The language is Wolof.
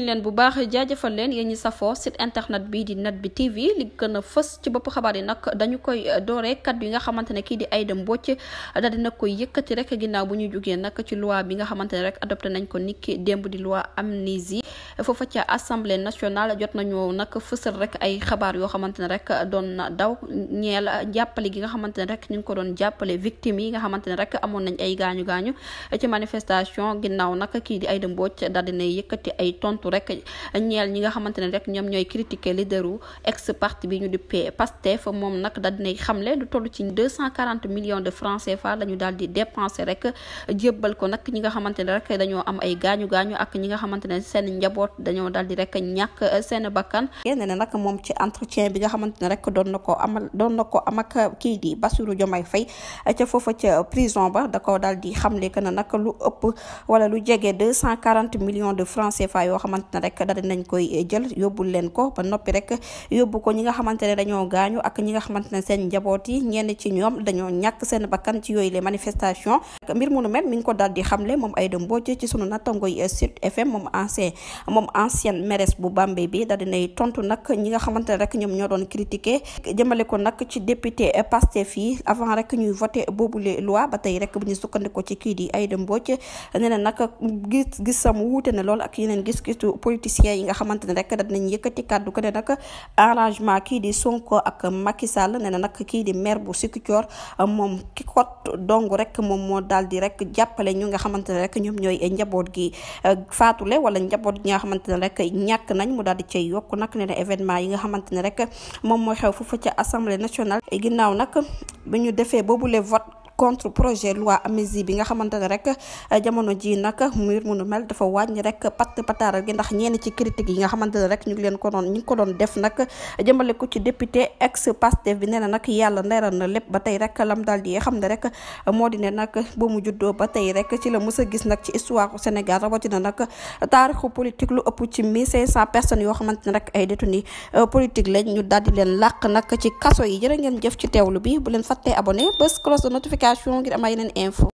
nuñ leen bu baax jaajëfal leen yéen ñi safoo site internet bi di net bi TV li gën fës ci bopp xabaar yi nag dañu koy eh, dooree kaddu yi nga xamante ne kii di Aïda Mbocc eh, daal dina koy yëkkati rek ginnaaw bu ñu jugee nag ci loi bi nga xamante ne rek nañ ko niki démb di loi amnistie foofa ca assemblée nationale jot nañu nag fësal rek ay xabaar yoo xamante ne rek doon na daw ñeel jàppale gi nga xamante ne rek ñu ngi ko doon jàppale victimes yi nga xamante ne rek amoon nañ ay gaañu gaañu ci manifestation ginnaaw nag kii di Aïda Mbocc daal yëkkati ay tontu rek. rek ñeel ñi nga xamante ne rek ñoom ñooy critiquer leaderu ex parti bi ñu duppee Pastef moom nag daal dinay xamle du toll ci deux de francs CFA la ñu rek bi nga xamante ne rek doon na ko amal doon na ko am ak kii di Bassirou Diomaye Faye ca foofa ca prison ba da ko daal di xamle que ne lu ëpp wala lu jege deux de francs CFA yoo xamante xamante ne rek daal dinañ koy jël yóbbul leen ko ba noppi rek yóbbu ko ñi nga xamante ne dañoo gaañu ak ñi nga xamante ne seen njaboot yi ñenn ci ñoom dañoo ñàkk seen bakkan ci yooyu les manifestations mbir mu nu mel mi ngi ko daal di xamle moom Aïda Mbodj ci sunu nattangoy Sud FM moom ancien moom ancienne mairesse bu Bambey bi daal dinay tontu nag ñi nga xamante ne rek ñoom ñoo doon critiqué jëmale ko nag ci député Pastef yi avant rek ñuy voté boobule loi ba tey rek bu ñu sukkandikoo ci kii di Aïda Mbodj nee na nag gis-gisam wuute na lool ak yeneen gis-gisu kaddu politiciens yi nga xamante ne rek dañ nañ yëkkati kaddu ko ne nag arrangement kii di Sonko ak Macky Sall nee na nag kii di maire bu Ziguinchor moom ki kot dong rek moom moo daal di rek jàppale ñu nga xamante ne rek ñoom ñooy njaboot gi faatule wala njaboot gi xamante ne rek ñàkk nañ mu daal di cay yokk nak nee événement yi nga xamante ne rek moom mooy xew foofu ca assemblée nationale ginnaaw nag bi ñu defee boobu le vote contre projet loi amnistie bi nga xamante ne rek jamono ji nag mur mu nu mel dafa wàññi rek patt pataaral gi ndax ñenn ci critique yi nga xamante ne rek ñu ngi leen ko doon ñu ko doon def nag jëmbale ko ci député ex Pastef bi nee na nag yàlla leeral na lépp ba tey rek lam daal di xam ne rek moo di ne nag ba mu juddoo ba tey rek ci la mës a gis nag ci histoire Sénégal rawatina nag taarixu politique lu ëpp ci 1500 personnes yoo xamante ne rek ay détenus euh, politique lañ ñu daal di leen làq nag ci kaso yi jërë ngeen jëf ci teewlu bi bu leen fàttee abonné bés cloche de communication ngir am ay yeneen info